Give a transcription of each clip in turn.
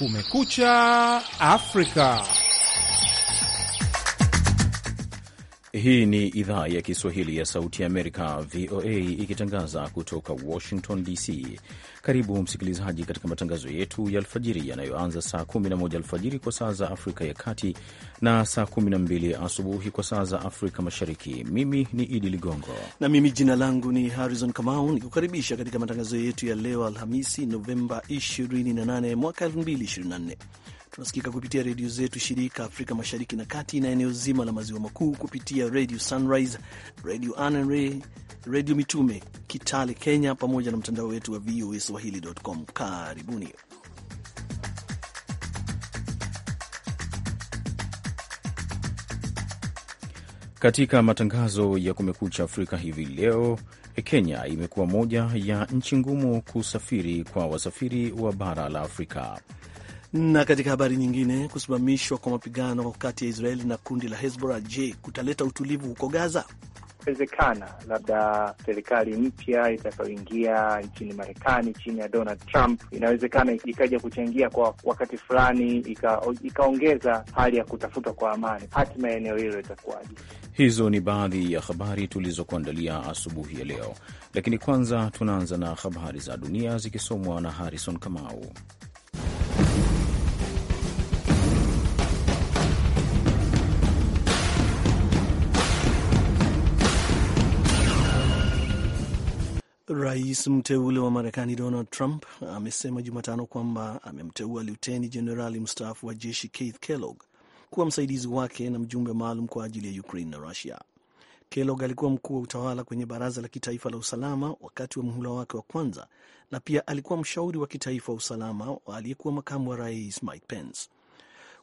Kumekucha Afrika. Hii ni idhaa ya Kiswahili ya Sauti ya Amerika, VOA, ikitangaza kutoka Washington DC. Karibu msikilizaji, katika matangazo yetu ya alfajiri yanayoanza saa 11 alfajiri kwa saa za Afrika ya Kati na saa 12 asubuhi kwa saa za Afrika Mashariki. Mimi ni Idi Ligongo na mimi jina langu ni Harrison Kamau, nikukaribisha katika matangazo yetu ya leo Alhamisi, Novemba 28 mwaka 2024. Tunasikika kupitia redio zetu shirika Afrika Mashariki na Kati na eneo zima la Maziwa Makuu kupitia Radio Sunrise, Radio Anre, Redio Mitume Kitale Kenya, pamoja na mtandao wetu wa VOA Swahili.com. Karibuni. Katika matangazo ya Kumekucha Afrika hivi leo, Kenya imekuwa moja ya nchi ngumu kusafiri kwa wasafiri wa bara la Afrika. Na katika habari nyingine, kusimamishwa kwa mapigano kati ya Israeli na kundi la Hezbollah, je, kutaleta utulivu huko Gaza? Inawezekana labda serikali mpya itakayoingia nchini Marekani chini ya Donald Trump inawezekana ikaja kuchangia kwa wakati fulani, ikaongeza ika hali ya kutafuta kwa amani. Hatima ya eneo hilo itakuwaje? Hizo ni baadhi ya habari tulizokuandalia asubuhi ya leo, lakini kwanza tunaanza na habari za dunia zikisomwa na Harrison Kamau. Rais mteule wa Marekani Donald Trump amesema Jumatano kwamba amemteua luteni jenerali mstaafu wa jeshi Keith Kellogg kuwa msaidizi wake na mjumbe maalum kwa ajili ya Ukraine na Russia. Kellogg alikuwa mkuu wa utawala kwenye Baraza la Kitaifa la Usalama wakati wa mhula wake wa kwanza na pia alikuwa mshauri wa kitaifa wa usalama wa aliyekuwa makamu wa rais Mike Pence.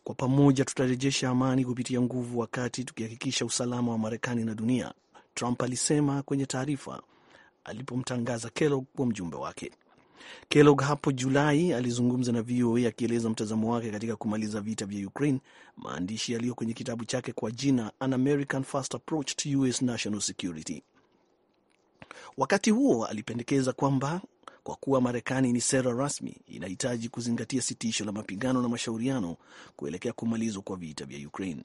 Kwa pamoja tutarejesha amani kupitia nguvu, wakati tukihakikisha usalama wa Marekani na dunia, Trump alisema kwenye taarifa alipomtangaza Kellogg kuwa mjumbe wake. Kellogg hapo Julai alizungumza na VOA akieleza mtazamo wake katika kumaliza vita vya Ukraine, maandishi yaliyo kwenye kitabu chake kwa jina An American Fast Approach to US National Security. Wakati huo alipendekeza kwamba kwa kuwa Marekani ni sera rasmi, inahitaji kuzingatia sitisho la mapigano na mashauriano kuelekea kumalizwa kwa vita vya Ukraine.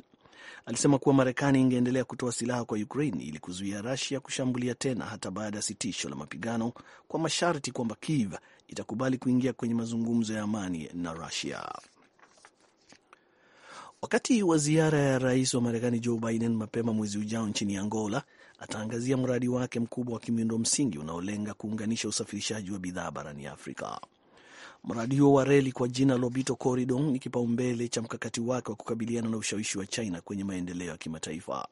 Alisema kuwa Marekani ingeendelea kutoa silaha kwa Ukraine ili kuzuia Rusia kushambulia tena hata baada ya sitisho la mapigano kwa masharti kwamba Kiev itakubali kuingia kwenye mazungumzo ya amani na Rusia. Wakati wa ziara ya rais wa Marekani Joe Biden mapema mwezi ujao nchini Angola, ataangazia mradi wake mkubwa wa kimiundo msingi unaolenga kuunganisha usafirishaji wa bidhaa barani Afrika. Mradi huo wa reli kwa jina Lobito Corridor ni kipaumbele cha mkakati wake wa kukabiliana na ushawishi wa China kwenye maendeleo ya kimataifa.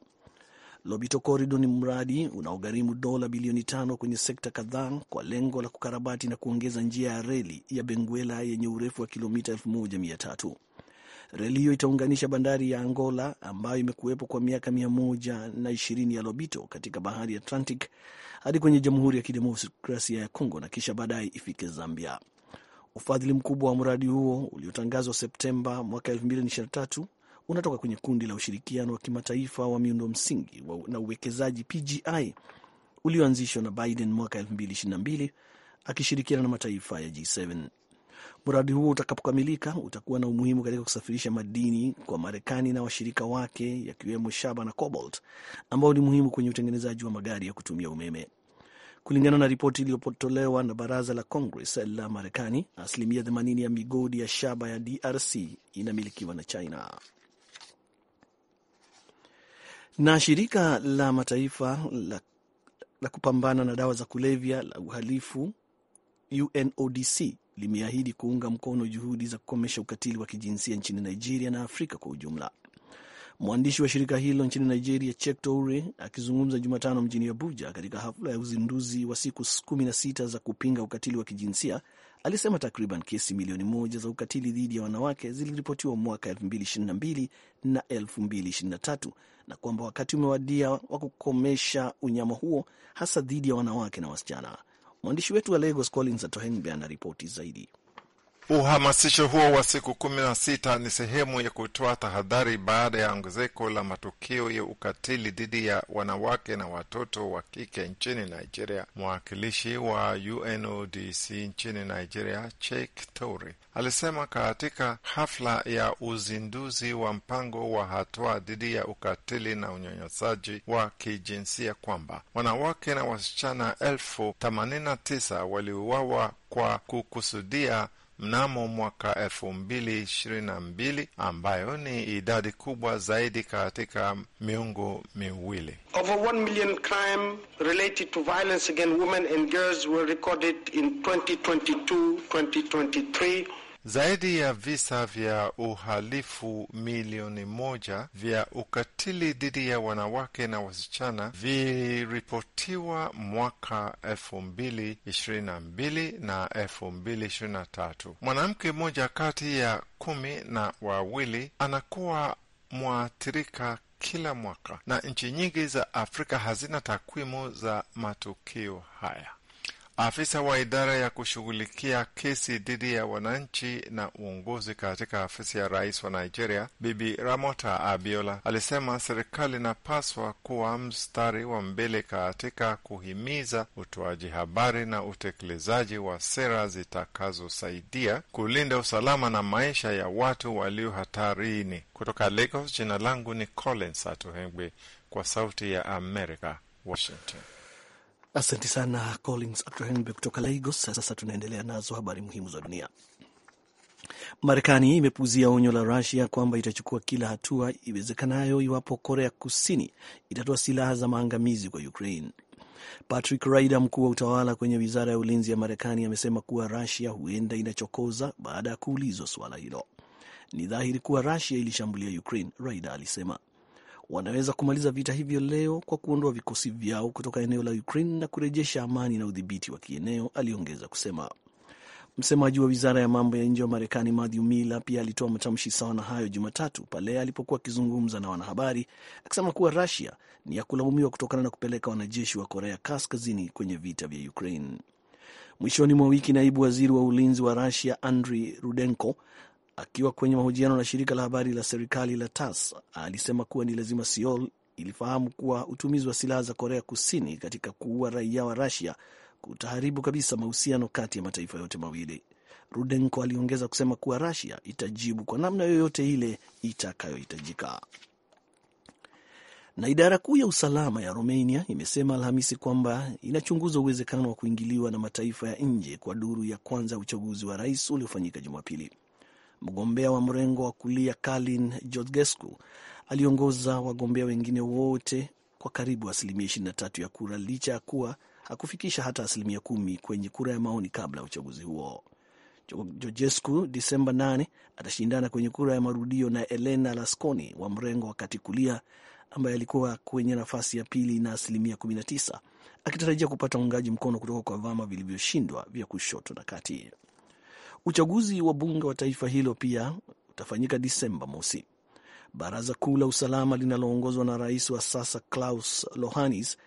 Lobito Corridor ni mradi unaogharimu dola bilioni tano kwenye sekta kadhaa kwa lengo la kukarabati na kuongeza njia ya reli ya Benguela yenye urefu wa kilomita 1300. Reli hiyo itaunganisha bandari ya Angola ambayo imekuwepo kwa miaka 120 na ya Lobito katika bahari ya Atlantic hadi kwenye Jamhuri ya Kidemokrasia ya Kongo na kisha baadaye ifike Zambia. Ufadhili mkubwa wa mradi huo uliotangazwa Septemba mwaka 2023 unatoka kwenye kundi la ushirikiano wa kimataifa wa miundo msingi na uwekezaji PGI ulioanzishwa na Biden mwaka 2022 akishirikiana na mataifa ya G7. Mradi huo utakapokamilika utakuwa na umuhimu katika kusafirisha madini kwa Marekani na washirika wake yakiwemo shaba na cobalt, ambao ni muhimu kwenye utengenezaji wa magari ya kutumia umeme. Kulingana na ripoti iliyotolewa na baraza la Congress la Marekani, asilimia 80 ya migodi ya shaba ya DRC inamilikiwa na China. Na shirika la mataifa la, la kupambana na dawa za kulevya la uhalifu UNODC limeahidi kuunga mkono juhudi za kukomesha ukatili wa kijinsia nchini Nigeria na Afrika kwa ujumla. Mwandishi wa shirika hilo nchini Nigeria, Chek Toure, akizungumza Jumatano mjini Abuja katika hafla ya uzinduzi wa siku kumi na sita za kupinga ukatili wa kijinsia alisema takriban kesi milioni moja za ukatili dhidi ya wanawake ziliripotiwa mwaka 2022 na 2023 na kwamba wakati umewadia wa kukomesha unyama huo hasa dhidi ya wanawake na wasichana. Mwandishi wetu wa Lagos Collins Atohenbe anaripoti zaidi. Uhamasisho huo wa siku kumi na sita ni sehemu ya kutoa tahadhari baada ya ongezeko la matukio ya ukatili dhidi ya wanawake na watoto wa kike nchini Nigeria. Mwakilishi wa UNODC nchini Nigeria, Chek tory alisema katika hafla ya uzinduzi wa mpango wa hatua dhidi ya ukatili na unyanyasaji wa kijinsia kwamba wanawake na wasichana elfu themanini na tisa waliuawa kwa kukusudia mnamo mwaka elfu mbili ishirini na mbili ambayo ni idadi kubwa zaidi katika miongo miwili. Over 1 million crime related to violence against women and girls were recorded in 2022, 2023 zaidi ya visa vya uhalifu milioni moja vya ukatili dhidi ya wanawake na wasichana viliripotiwa mwaka elfu mbili ishirini na mbili na elfu mbili ishirini na tatu. Mwanamke mmoja kati ya kumi na wawili anakuwa mwathirika kila mwaka, na nchi nyingi za Afrika hazina takwimu za matukio haya. Afisa wa idara ya kushughulikia kesi dhidi ya wananchi na uongozi katika afisi ya rais wa Nigeria, Bibi Ramota Abiola, alisema serikali inapaswa kuwa mstari wa mbele katika kuhimiza utoaji habari na utekelezaji wa sera zitakazosaidia kulinda usalama na maisha ya watu walio hatarini. Kutoka Lagos, jina langu ni Collins Atuhengwe, kwa Sauti ya Amerika, Washington. Asante sana Collins Atrahenbe kutoka Lagos. Sasa tunaendelea nazo habari muhimu za dunia. Marekani imepuuzia onyo la Rusia kwamba itachukua kila hatua iwezekanayo iwapo Korea Kusini itatoa silaha za maangamizi kwa Ukraine. Patrick Ryder, mkuu wa utawala kwenye wizara ya ulinzi ya Marekani, amesema kuwa Rusia huenda inachokoza baada ya kuulizwa suala hilo. Ni dhahiri kuwa Rusia ilishambulia Ukraine, Ryder alisema wanaweza kumaliza vita hivyo leo kwa kuondoa vikosi vyao kutoka eneo la Ukraine na kurejesha amani na udhibiti wa kieneo, aliongeza kusema. Msemaji wa wizara ya mambo ya nje wa Marekani Matthew Miller pia alitoa matamshi sawa na hayo Jumatatu pale alipokuwa akizungumza na wanahabari akisema kuwa Russia ni ya kulaumiwa kutokana na kupeleka wanajeshi wa Korea Kaskazini kwenye vita vya Ukraine. Mwishoni mwa wiki, naibu waziri wa ulinzi wa Russia Andriy Rudenko Akiwa kwenye mahojiano na shirika la habari la serikali la tas alisema kuwa ni lazima Seoul ilifahamu kuwa utumizi wa silaha za Korea Kusini katika kuua raia wa Rusia kutaharibu kabisa mahusiano kati ya mataifa yote mawili. Rudenko aliongeza kusema kuwa Rusia itajibu kwa namna yoyote ile itakayohitajika. Na idara kuu ya usalama ya Romania imesema Alhamisi kwamba inachunguza uwezekano wa kuingiliwa na mataifa ya nje kwa duru ya kwanza ya uchaguzi wa rais uliofanyika Jumapili mgombea wa mrengo wa kulia Kalin Georgescu aliongoza wagombea wengine wote kwa karibu asilimia 23 ya kura licha ya kuwa hakufikisha hata asilimia kumi kwenye kura ya maoni kabla ya uchaguzi huo. Georgescu Disemba 8 atashindana kwenye kura ya marudio na Elena Lasconi wa mrengo wa kati kulia ambaye alikuwa kwenye nafasi ya pili na asilimia 19 akitarajia kupata uungaji mkono kutoka kwa vyama vilivyoshindwa vya kushoto na kati. Uchaguzi wa bunge wa taifa hilo pia utafanyika Disemba mosi. Baraza Kuu la Usalama linaloongozwa na rais wa sasa Klaus Lohanis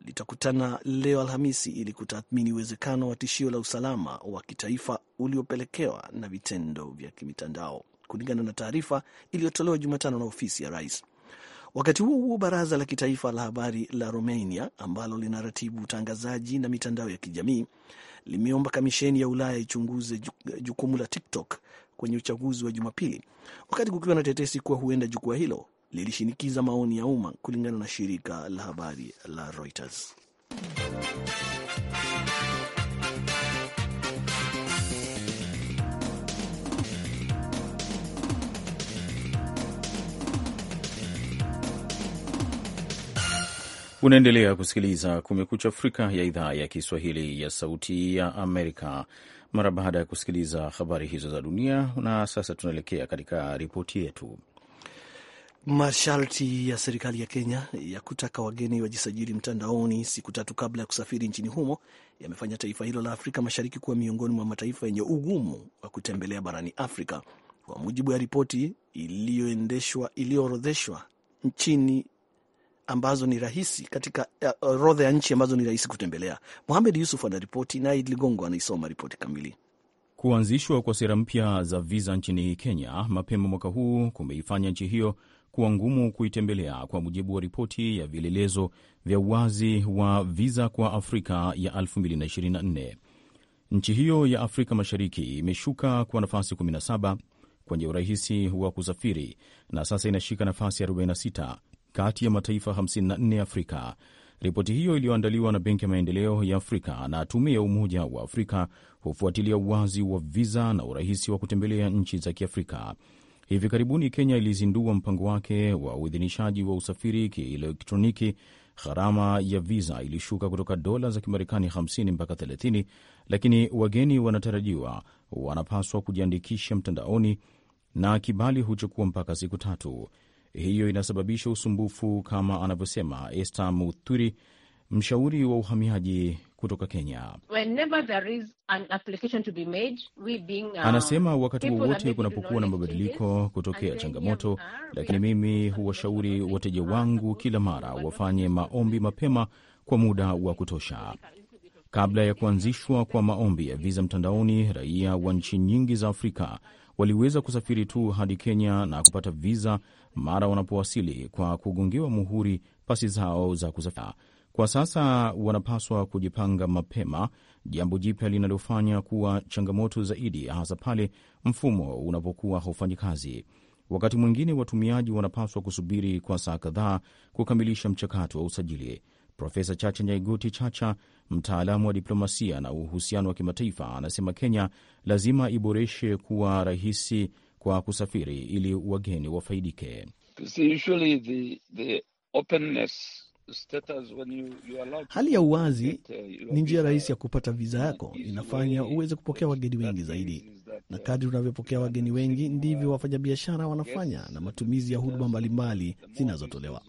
litakutana leo Alhamisi ili kutathmini uwezekano wa tishio la usalama wa kitaifa uliopelekewa na vitendo vya kimitandao, kulingana na taarifa iliyotolewa Jumatano na ofisi ya rais. Wakati huo huo, baraza la kitaifa la habari la Romania ambalo linaratibu utangazaji na mitandao ya kijamii limeomba kamisheni ya Ulaya ichunguze jukumu la TikTok kwenye uchaguzi wa Jumapili, wakati kukiwa na tetesi kuwa huenda jukwaa hilo lilishinikiza maoni ya umma, kulingana na shirika la habari la Reuters. Unaendelea kusikiliza Kumekucha Afrika ya idhaa ya Kiswahili ya Sauti ya Amerika mara baada ya kusikiliza habari hizo za dunia. Na sasa tunaelekea katika ripoti yetu. Masharti ya serikali ya Kenya ya kutaka wageni wajisajili mtandaoni siku tatu kabla ya kusafiri nchini humo yamefanya taifa hilo la Afrika Mashariki kuwa miongoni mwa mataifa yenye ugumu wa kutembelea barani Afrika, kwa mujibu ya ripoti iliyoorodheshwa nchini ambazo ni rahisi katika eh, orodha uh, ya nchi ambazo ni rahisi kutembelea. Mohamed Yusuf anaripoti naye Ligongo anaisoma ripoti kamili. Kuanzishwa kwa sera mpya za viza nchini Kenya mapema mwaka huu kumeifanya nchi hiyo kuwa ngumu kuitembelea, kwa mujibu wa ripoti ya vielelezo vya uwazi wa viza kwa Afrika ya 2024. Nchi hiyo ya Afrika Mashariki imeshuka kwa nafasi 17 kwenye urahisi wa kusafiri na sasa inashika nafasi 46 kati ya mataifa 54 Afrika. Ripoti hiyo iliyoandaliwa na Benki ya Maendeleo ya Afrika na Tume ya Umoja wa Afrika hufuatilia uwazi wa viza na urahisi wa kutembelea nchi za Kiafrika. Hivi karibuni Kenya ilizindua mpango wake wa uidhinishaji wa usafiri kielektroniki. Gharama ya viza ilishuka kutoka dola za Kimarekani 50 mpaka 30, lakini wageni wanatarajiwa wanapaswa kujiandikisha mtandaoni na kibali huchukua mpaka siku tatu hiyo inasababisha usumbufu, kama anavyosema Esther muthuri mshauri wa uhamiaji kutoka Kenya. Uh, Anasema wakati wowote kunapokuwa na mabadiliko kutokea changamoto, lakini mimi huwashauri wateja wangu kila mara wafanye maombi mapema kwa muda wa kutosha. Kabla ya kuanzishwa kwa maombi ya viza mtandaoni, raia wa nchi nyingi za Afrika waliweza kusafiri tu hadi Kenya na kupata viza mara wanapowasili kwa kugungiwa muhuri pasi zao za kusafiria. Kwa sasa wanapaswa kujipanga mapema, jambo jipya linalofanya kuwa changamoto zaidi, hasa pale mfumo unapokuwa haufanyi kazi. Wakati mwingine watumiaji wanapaswa kusubiri kwa saa kadhaa kukamilisha mchakato wa usajili. Profesa Chacha Nyaigoti Chacha, mtaalamu wa diplomasia na uhusiano wa kimataifa, anasema Kenya lazima iboreshe kuwa rahisi kwa kusafiri ili wageni wafaidike. hali ya uwazi uh, ni njia rahisi ya kupata viza yako, inafanya uweze kupokea wageni wengi zaidi, na uh, kadri unavyopokea wageni wengi ndivyo wafanyabiashara wanafanya na matumizi ya huduma mbalimbali zinazotolewa.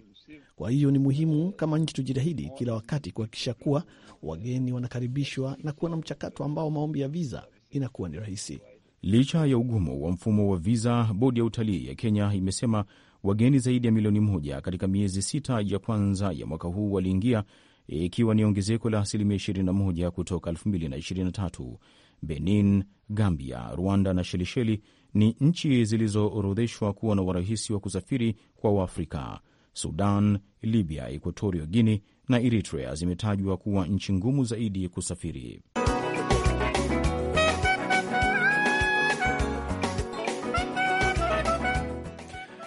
Kwa hiyo ni muhimu kama nchi tujitahidi kila wakati kuhakikisha kuwa wageni wanakaribishwa na kuwa na mchakato ambao maombi ya viza inakuwa ni rahisi. Licha ya ugumu wa mfumo wa viza, bodi ya utalii ya Kenya imesema wageni zaidi ya milioni moja katika miezi sita ya kwanza ya mwaka huu waliingia, ikiwa ni ongezeko la asilimia 21 kutoka 2023. Benin, Gambia, Rwanda na Shelisheli ni nchi zilizoorodheshwa kuwa na urahisi wa kusafiri kwa Waafrika. Sudan, Libya, Equatorio guinea na Eritrea zimetajwa kuwa nchi ngumu zaidi kusafiri.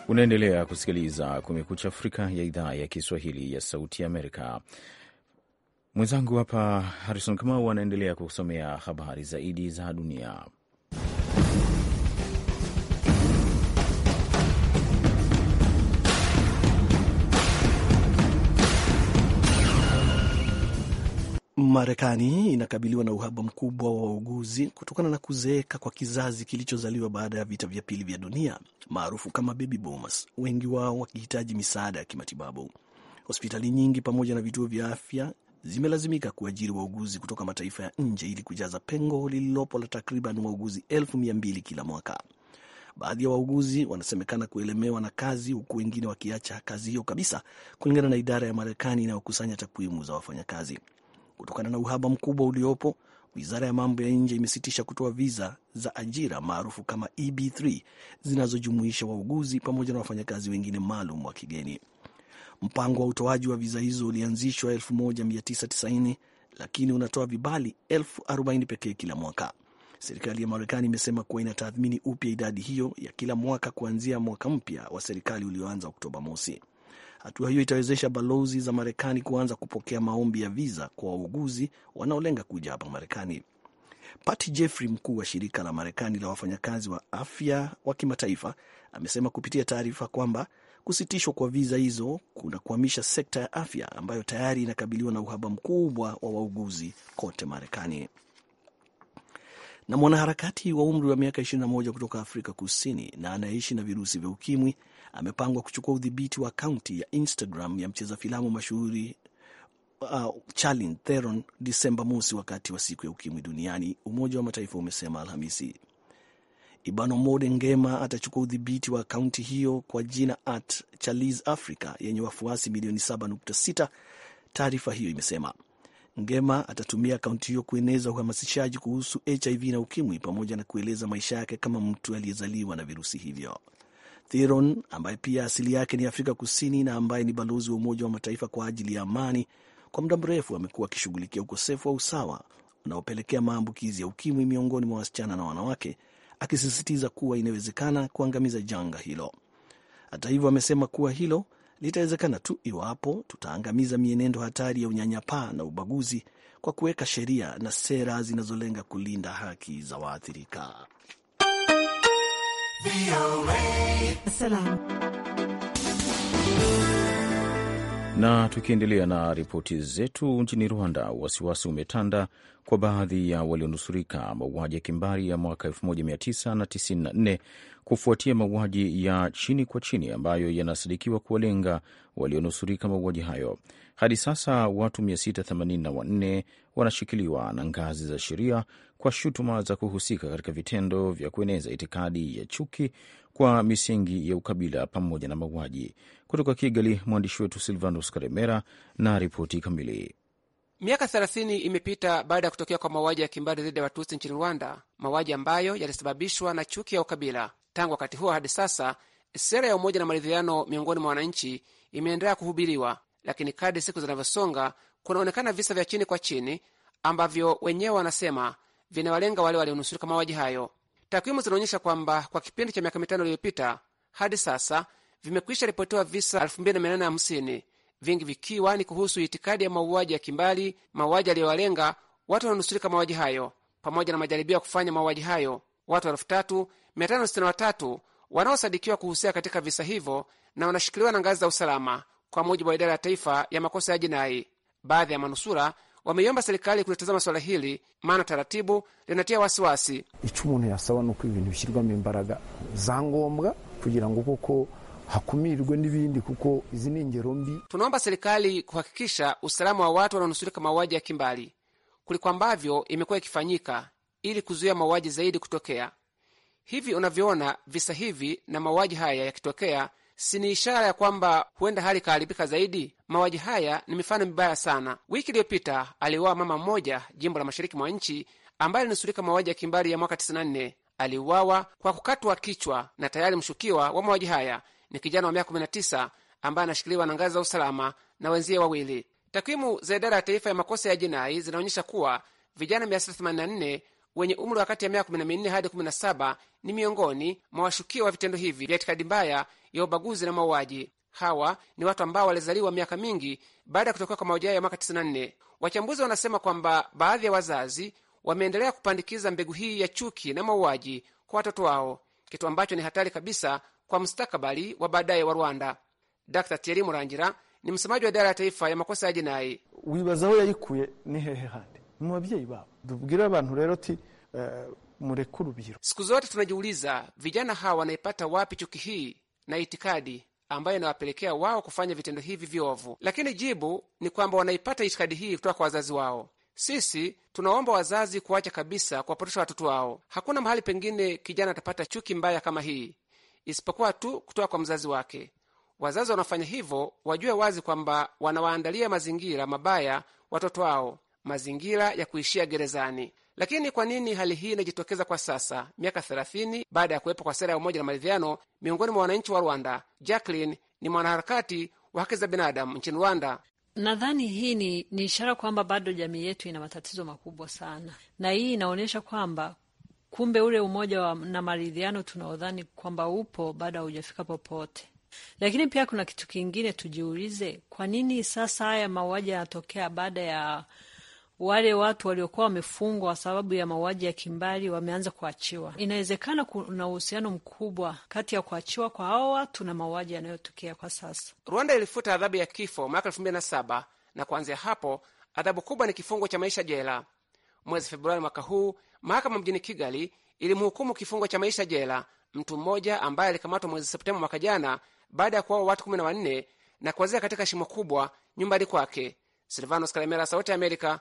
Unaendelea kusikiliza Kumekucha Afrika ya idhaa ya Kiswahili ya Sauti Amerika. Mwenzangu hapa Harrison Kamau anaendelea kusomea habari zaidi za dunia. Marekani inakabiliwa na uhaba mkubwa wa wauguzi kutokana na kuzeeka kwa kizazi kilichozaliwa baada ya vita vya pili vya dunia maarufu kama baby boomers, wengi wao wakihitaji misaada ya kimatibabu. Hospitali nyingi pamoja na vituo vya afya zimelazimika kuajiri wauguzi kutoka mataifa ya nje ili kujaza pengo lililopo la takriban wauguzi elfu mia mbili kila mwaka. Baadhi ya wauguzi wanasemekana kuelemewa na kazi, huku wengine wakiacha kazi hiyo kabisa, kulingana na idara ya Marekani inayokusanya takwimu za wafanyakazi. Kutokana na uhaba mkubwa uliopo, wizara ya mambo ya nje imesitisha kutoa viza za ajira maarufu kama EB3 zinazojumuisha wauguzi pamoja na wafanyakazi wengine maalum wa kigeni. Mpango wa utoaji wa viza hizo ulianzishwa 1990 lakini unatoa vibali 40 pekee kila mwaka. Serikali ya Marekani imesema kuwa inatathmini upya idadi hiyo ya kila mwaka kuanzia mwaka mpya wa serikali ulioanza Oktoba mosi. Hatua hiyo itawezesha balozi za Marekani kuanza kupokea maombi ya viza kwa wauguzi wanaolenga kuja hapa Marekani. Patty Jeffrey, mkuu wa shirika la Marekani la wafanyakazi wa afya wa kimataifa, amesema kupitia taarifa kwamba kusitishwa kwa viza hizo kunakwamisha sekta ya afya ambayo tayari inakabiliwa na uhaba mkubwa wa wauguzi kote Marekani na mwanaharakati wa umri wa miaka 21 kutoka Afrika Kusini na anayeishi na virusi vya ukimwi amepangwa kuchukua udhibiti wa akaunti ya Instagram ya mcheza filamu mashuhuri uh, Charlize Theron Disemba mosi wakati wa siku ya ukimwi duniani, Umoja wa Mataifa umesema Alhamisi. Ibano Mode Ngema atachukua udhibiti wa akaunti hiyo kwa jina at Charlize Africa yenye wafuasi milioni 7.6, taarifa hiyo imesema. Ngema atatumia akaunti hiyo kueneza uhamasishaji kuhusu HIV na ukimwi pamoja na kueleza maisha yake kama mtu aliyezaliwa na virusi hivyo. Theron ambaye pia asili yake ni Afrika Kusini na ambaye ni balozi wa Umoja wa Mataifa kwa ajili ya amani, kwa muda mrefu amekuwa akishughulikia ukosefu wa usawa unaopelekea maambukizi ya ukimwi miongoni mwa wasichana na wanawake, akisisitiza kuwa inawezekana kuangamiza janga hilo. Hata hivyo, amesema kuwa hilo litawezekana tu iwapo tutaangamiza mienendo hatari ya unyanyapaa na ubaguzi kwa kuweka sheria na sera zinazolenga kulinda haki za waathirika. Na tukiendelea na ripoti zetu, nchini Rwanda wasiwasi umetanda kwa baadhi ya walionusurika mauaji ya kimbari ya mwaka 1994 kufuatia mauaji ya chini kwa chini ambayo yanasadikiwa kuwalenga walionusurika mauaji hayo. Hadi sasa watu 684 wanashikiliwa na ngazi za sheria kwa shutuma za kuhusika katika vitendo vya kueneza itikadi ya chuki kwa misingi ya ukabila pamoja na mauaji. Kutoka Kigali, mwandishi wetu Silvanus Karemera na ripoti kamili. Miaka 30 imepita baada ya kutokea kwa mauaji ya kimbari dhidi ya Watusi nchini Rwanda, mauaji ambayo yalisababishwa na chuki ya ukabila. Tangu wakati huo hadi sasa, sera ya umoja na maridhiano miongoni mwa wananchi imeendelea kuhubiriwa, lakini kadri siku zinavyosonga, kunaonekana visa vya chini kwa chini ambavyo wenyewe wanasema vinawalenga wale walionusurika mauaji hayo. Takwimu zinaonyesha kwamba kwa kipindi cha miaka mitano iliyopita hadi sasa vimekwisha ripotiwa visa 2850 vingi vikiwa ni kuhusu itikadi ya mauaji ya kimbali, mauaji yaliyowalenga watu wanaonusurika mauaji hayo, pamoja na majaribio ya kufanya mauaji hayo. Watu elfu tatu 563 wanaosadikiwa kuhusika katika visa hivyo na wanashikiliwa na ngazi za usalama, kwa mujibu wa idara ya taifa ya makosa ya jinai. Baadhi ya manusura wameiomba serikali kulitazama swala hili, maana taratibu linatia wasiwasi. ico umuntu yasaba nuko ibintu bishyirwamo imbaraga za ngombwa kugira ngo koko hakumirwe n'ibindi kuko izi ni ingero mbi. Tunaomba serikali kuhakikisha usalama wa watu wanaonusurika mauaji ya kimbali kuliko ambavyo imekuwa ikifanyika, ili kuzuia mauaji zaidi kutokea. Hivi unavyoona visa hivi na mauaji haya yakitokea, si ni ishara ya kwamba huenda hali ikaharibika zaidi? Mauaji haya ni mifano mibaya sana. Wiki iliyopita aliuawa mama mmoja jimbo la mashariki mwa nchi ambaye alinusurika mauaji ya kimbari ya mwaka 94. Aliuawa kwa kukatwa kichwa, na tayari mshukiwa wa mauaji haya ni kijana wa miaka 19 ambaye anashikiliwa na ngazi za usalama na wenzie wawili. Takwimu za idara ya taifa ya makosa ya jinai zinaonyesha kuwa vijana wenye umri wa kati ya miaka 14 hadi 17 ni miongoni mwa washukiwa wa vitendo hivi vya itikadi mbaya ya ubaguzi na mauaji. Hawa ni watu ambao walizaliwa miaka mingi baada ya kutokea kwa mauaji hayo ya mwaka 94. Wachambuzi wanasema kwamba baadhi ya wazazi wameendelea kupandikiza mbegu hii ya chuki na mauaji kwa watoto wao, kitu ambacho ni hatari kabisa kwa mustakabali wa baadaye wa Rwanda. Dr Thierry Murangira ni msemaji wa idara ya taifa ya makosa ya jinai wibazaho yayikuye ni hehe handi mu babyeyi babo tubwire abantu rero ti eh, mureke urubyiruko. Siku zote tunajiuliza vijana hawa wanaipata wapi chuki hii na itikadi ambayo inawapelekea wao kufanya vitendo hivi viovu, lakini jibu ni kwamba wanaipata itikadi hii kutoka kwa wazazi wao. Sisi tunaomba wazazi kuacha kabisa kuwapotosha watoto wao. Hakuna mahali pengine kijana atapata chuki mbaya kama hii isipokuwa tu kutoka kwa mzazi wake. Wazazi wanaofanya hivyo wajue wazi kwamba wanawaandalia mazingira mabaya watoto wao mazingira ya kuishia gerezani. Lakini kwa nini hali hii inajitokeza kwa sasa, miaka 30 baada ya kuwepo kwa sera ya umoja na maridhiano miongoni mwa wananchi wa Rwanda? Jacqueline ni mwanaharakati wa haki za binadamu nchini Rwanda. Nadhani hii ni, ni ishara kwamba bado jamii yetu ina matatizo makubwa sana, na hii inaonyesha kwamba kumbe ule umoja wa, na maridhiano tunaodhani kwamba upo bado haujafika popote. Lakini pia kuna kitu kingine tujiulize, kwa nini sasa haya mauaji yanatokea baada ya wale watu waliokuwa wamefungwa kwa sababu ya mauaji ya kimbali wameanza kuachiwa. Inawezekana kuna uhusiano mkubwa kati ya kuachiwa kwa hao watu na mauaji yanayotokea kwa sasa. Rwanda ilifuta adhabu ya kifo mwaka elfu mbili na saba na kuanzia hapo adhabu kubwa ni kifungo cha maisha jela. Mwezi Februari mwaka huu mahakama mjini Kigali ilimhukumu kifungo cha maisha jela mtu mmoja ambaye alikamatwa mwezi Septemba mwaka jana baada ya kuwaua watu kumi na wanne na kuwazia katika shimo kubwa nyumbani kwake. Silvanos Kalemera, Sauti ya Amerika,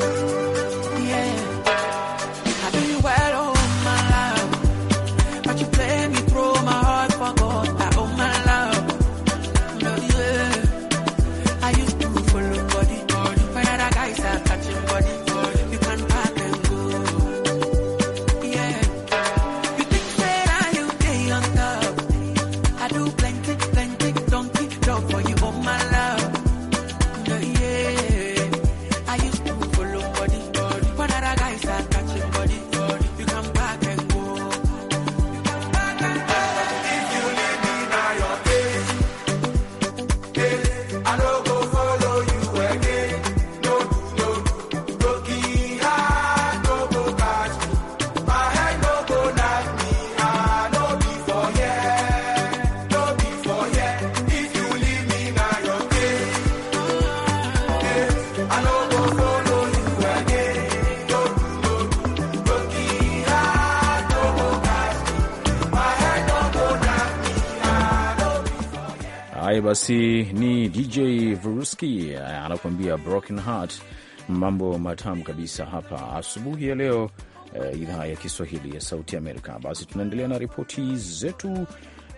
Haya basi, ni DJ vruski eh, anakuambia broken heart. Mambo matamu kabisa hapa asubuhi ya leo, eh, idhaa ya Kiswahili ya Sauti Amerika. Basi tunaendelea na ripoti zetu,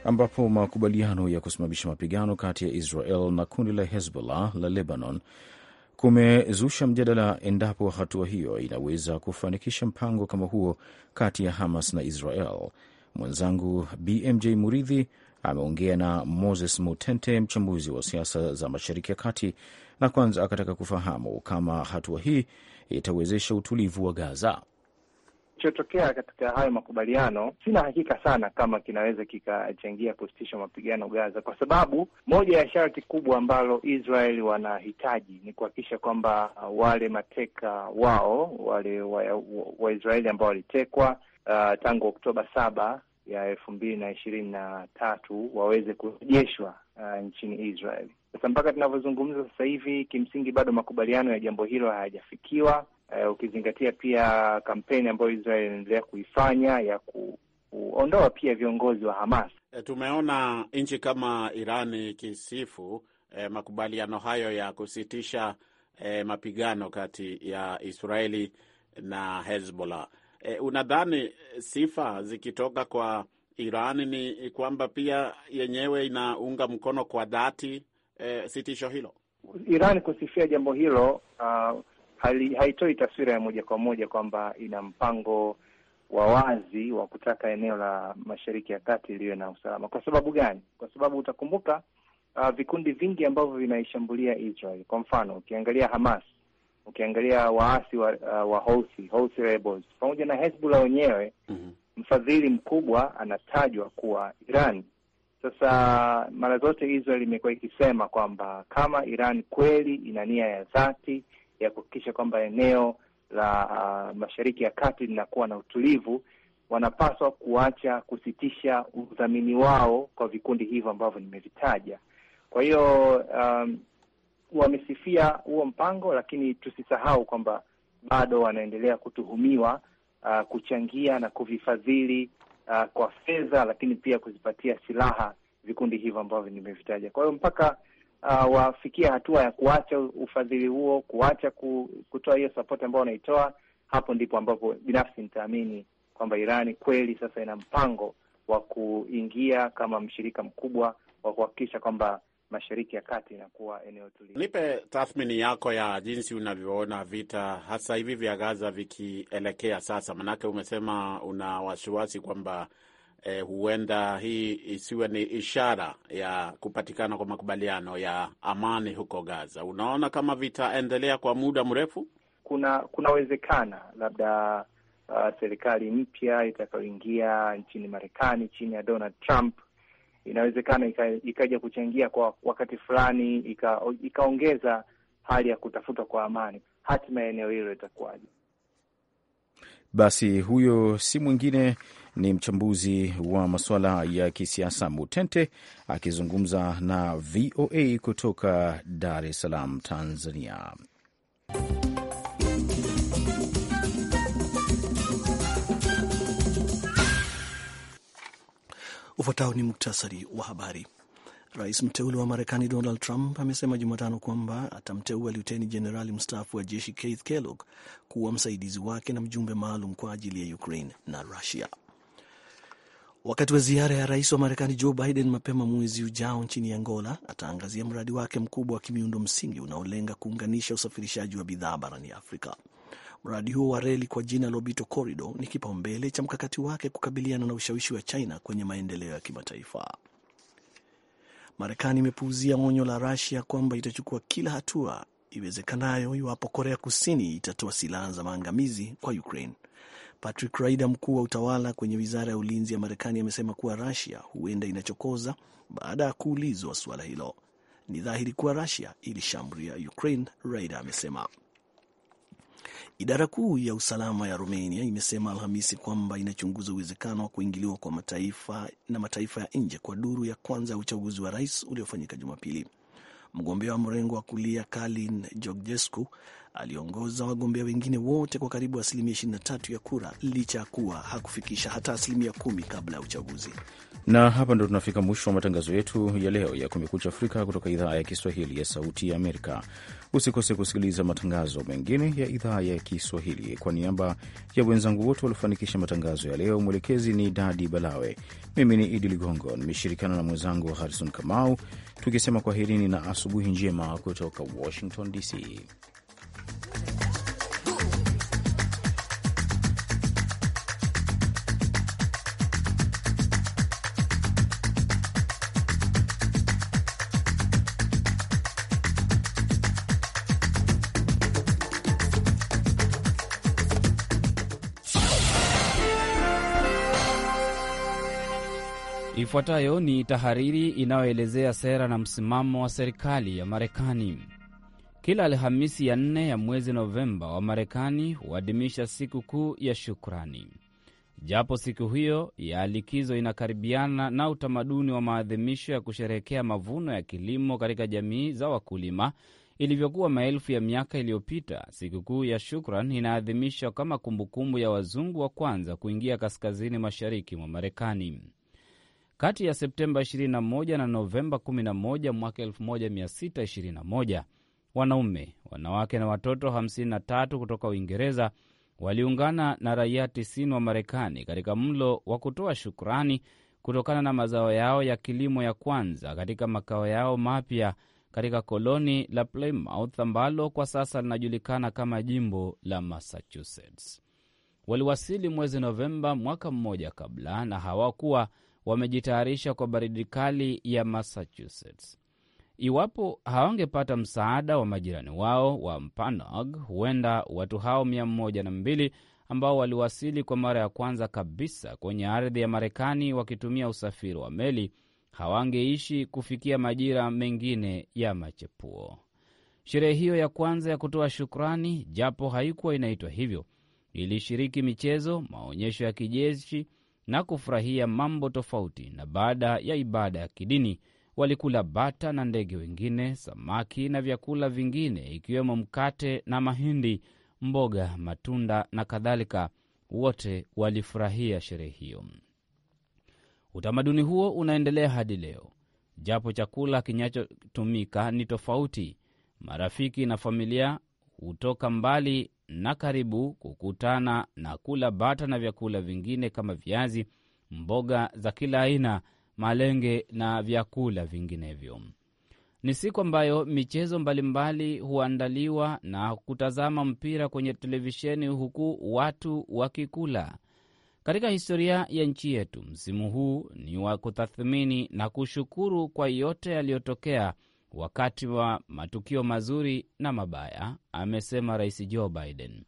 ambapo makubaliano ya kusimamisha mapigano kati ya Israel na kundi la Hezbollah la Lebanon kumezusha mjadala endapo hatua hiyo inaweza kufanikisha mpango kama huo kati ya Hamas na Israel. Mwenzangu BMJ Muridhi ameongea na Moses Mutente, mchambuzi wa siasa za Mashariki ya Kati, na kwanza akataka kufahamu kama hatua hii itawezesha utulivu wa Gaza. Kilichotokea katika hayo makubaliano, sina hakika sana kama kinaweza kikachangia kusitisha mapigano Gaza, kwa sababu moja ya sharti kubwa ambalo Israel wanahitaji ni kuhakikisha kwamba uh, wale mateka wao wale Waisraeli wa, wa ambao walitekwa uh, tangu Oktoba saba ya elfu mbili na ishirini na tatu waweze kurejeshwa uh, nchini Israel. Sasa mpaka tunavyozungumza sasa hivi, kimsingi bado makubaliano ya jambo hilo hayajafikiwa, uh, ukizingatia pia kampeni ambayo Israel inaendelea kuifanya ya ku kuondoa pia viongozi wa Hamas. E, tumeona nchi kama Irani ikisifu e, makubaliano hayo ya kusitisha e, mapigano kati ya Israeli na Hezbollah. E, unadhani eh, sifa zikitoka kwa Iran ni kwamba pia yenyewe inaunga mkono kwa dhati e, sitisho hilo? Iran kusifia jambo hilo uh, haitoi taswira ya moja kwa moja kwamba ina mpango wa wazi wa kutaka eneo la Mashariki ya Kati iliyo na usalama. Kwa sababu gani? Kwa sababu utakumbuka uh, vikundi vingi ambavyo vinaishambulia Israel. Kwa mfano ukiangalia Hamas ukiangalia waasi wa, uh, wa Houthi, Houthi rebels pamoja na Hezbollah wenyewe mm -hmm. mfadhili mkubwa anatajwa kuwa Iran. Sasa mara zote Israel imekuwa ikisema kwamba kama Iran kweli ina nia ya dhati ya kuhakikisha kwamba eneo la uh, Mashariki ya Kati linakuwa na utulivu, wanapaswa kuacha kusitisha udhamini wao kwa vikundi hivyo ambavyo nimevitaja. Kwa hiyo um, wamesifia huo mpango, lakini tusisahau kwamba bado wanaendelea kutuhumiwa uh, kuchangia na kuvifadhili uh, kwa fedha, lakini pia kuzipatia silaha vikundi hivyo ambavyo nimevitaja. Kwa hiyo mpaka uh, wafikia hatua ya kuacha ufadhili huo, kuacha kutoa hiyo sapoti ambao wanaitoa, hapo ndipo ambapo binafsi nitaamini kwamba Irani kweli sasa ina mpango wa kuingia kama mshirika mkubwa wa kuhakikisha kwamba Mashariki ya Kati inakuwa eneo tulivu. Nipe tathmini yako ya jinsi unavyoona vita hasa hivi vya Gaza vikielekea sasa, manake umesema una wasiwasi kwamba eh, huenda hii isiwe ni ishara ya kupatikana kwa makubaliano ya amani huko Gaza. Unaona kama vitaendelea kwa muda mrefu? Kuna kunawezekana labda, uh, serikali mpya itakayoingia nchini Marekani chini ya Donald Trump inawezekana ikaja kuchangia kwa wakati fulani, ika, ikaongeza hali ya kutafuta kwa amani. Hatima ya eneo hilo itakuwaje? Basi huyo si mwingine ni mchambuzi wa masuala ya kisiasa Mutente akizungumza na VOA kutoka Dar es Salaam, Tanzania. Ufuatao ni muktasari wa habari. Rais mteule wa Marekani Donald Trump amesema Jumatano kwamba atamteua luteni jenerali mstaafu wa jeshi Keith Kellogg kuwa msaidizi wake na mjumbe maalum kwa ajili ya Ukraine na Russia. Wakati wa ziara ya rais wa Marekani Joe Biden mapema mwezi ujao nchini Angola, ataangazia mradi wake mkubwa wa kimiundo msingi unaolenga kuunganisha usafirishaji wa bidhaa barani Afrika. Mradi huo wa reli kwa jina Lobito Corridor ni kipaumbele cha mkakati wake kukabiliana na ushawishi wa China kwenye maendeleo ya kimataifa. Marekani imepuuzia onyo la Rusia kwamba itachukua kila hatua iwezekanayo iwapo Korea Kusini itatoa silaha za maangamizi kwa Ukraine. Patrick Ryder, mkuu wa utawala kwenye wizara ya ulinzi ya Marekani, amesema kuwa Rusia huenda inachokoza baada ya kuulizwa suala hilo. Ni dhahiri kuwa Rusia ilishambulia Ukraine, Ryder amesema. Idara kuu ya usalama ya Romania imesema Alhamisi kwamba inachunguza uwezekano wa kuingiliwa kwa mataifa na mataifa ya nje kwa duru ya kwanza ya uchaguzi wa rais uliofanyika Jumapili. Mgombea wa mrengo wa kulia kalin Jogjesku aliongoza wagombea wengine wote kwa karibu asilimia 23 ya kura licha ya kuwa hakufikisha hata asilimia kumi kabla ya uchaguzi. Na hapa ndo tunafika mwisho wa matangazo yetu ya leo ya Kumekucha Afrika kutoka idhaa ya Kiswahili ya Sauti ya Amerika. Usikose kusikiliza matangazo mengine ya idhaa ya Kiswahili. Kwa niaba ya wenzangu wote waliofanikisha matangazo ya leo, mwelekezi ni Dadi Balawe, mimi ni Idi Ligongo, nimeshirikiana na mwenzangu Harrison Kamau, tukisema kwaherini na asubuhi njema kutoka Washington DC. Ifuatayo ni tahariri inayoelezea sera na msimamo wa serikali ya Marekani. Kila Alhamisi ya nne ya mwezi Novemba wa Marekani huadhimisha siku kuu ya Shukrani. Japo siku hiyo ya likizo inakaribiana na utamaduni wa maadhimisho ya kusherehekea mavuno ya kilimo katika jamii za wakulima ilivyokuwa maelfu ya miaka iliyopita, sikukuu ya Shukran inaadhimishwa kama kumbukumbu ya wazungu wa kwanza kuingia kaskazini mashariki mwa Marekani kati ya Septemba 21 na Novemba 11 mwaka 1621. Wanaume, wanawake na watoto 53 kutoka Uingereza waliungana na raia 90 wa Marekani katika mlo wa kutoa shukrani kutokana na mazao yao ya kilimo ya kwanza katika makao yao mapya katika koloni la Plymouth ambalo kwa sasa linajulikana kama jimbo la Massachusetts. Waliwasili mwezi Novemba mwaka mmoja kabla, na hawakuwa wamejitayarisha kwa baridi kali ya Massachusetts. Iwapo hawangepata msaada wa majirani wao wa Mpanog, huenda watu hao mia moja na mbili ambao waliwasili kwa mara ya kwanza kabisa kwenye ardhi ya Marekani wakitumia usafiri wa meli hawangeishi kufikia majira mengine ya machepuo. Sherehe hiyo ya kwanza ya kutoa shukrani, japo haikuwa inaitwa hivyo, ilishiriki michezo, maonyesho ya kijeshi na kufurahia mambo tofauti, na baada ya ibada ya kidini walikula bata na ndege wengine, samaki na vyakula vingine, ikiwemo mkate na mahindi, mboga, matunda na kadhalika. Wote walifurahia sherehe hiyo. Utamaduni huo unaendelea hadi leo, japo chakula kinachotumika ni tofauti. Marafiki na familia hutoka mbali na karibu kukutana na kula bata na vyakula vingine kama viazi, mboga za kila aina, malenge na vyakula vinginevyo. Ni siku ambayo michezo mbalimbali huandaliwa na kutazama mpira kwenye televisheni huku watu wakikula. Katika historia ya nchi yetu, msimu huu ni wa kutathmini na kushukuru kwa yote yaliyotokea wakati wa matukio mazuri na mabaya, amesema Rais Joe Biden.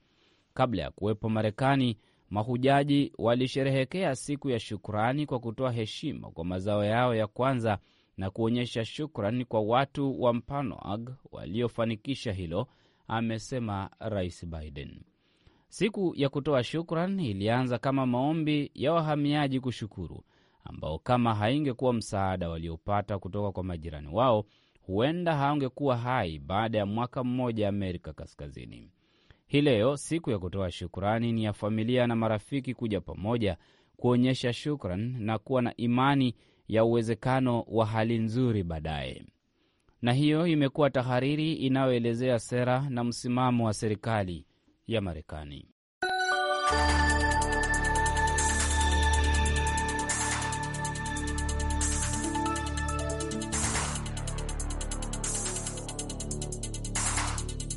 Kabla ya kuwepo Marekani, mahujaji walisherehekea siku ya shukrani kwa kutoa heshima kwa mazao yao ya kwanza na kuonyesha shukrani kwa watu wa Mpanoag waliofanikisha hilo, amesema Rais Biden. Siku ya kutoa shukran ilianza kama maombi ya wahamiaji kushukuru, ambao kama haingekuwa msaada waliopata kutoka kwa majirani wao huenda haangekuwa hai baada ya mwaka mmoja Amerika Kaskazini. Hii leo siku ya kutoa shukrani ni ya familia na marafiki kuja pamoja kuonyesha shukran na kuwa na imani ya uwezekano wa hali nzuri baadaye. Na hiyo imekuwa tahariri inayoelezea sera na msimamo wa serikali ya Marekani.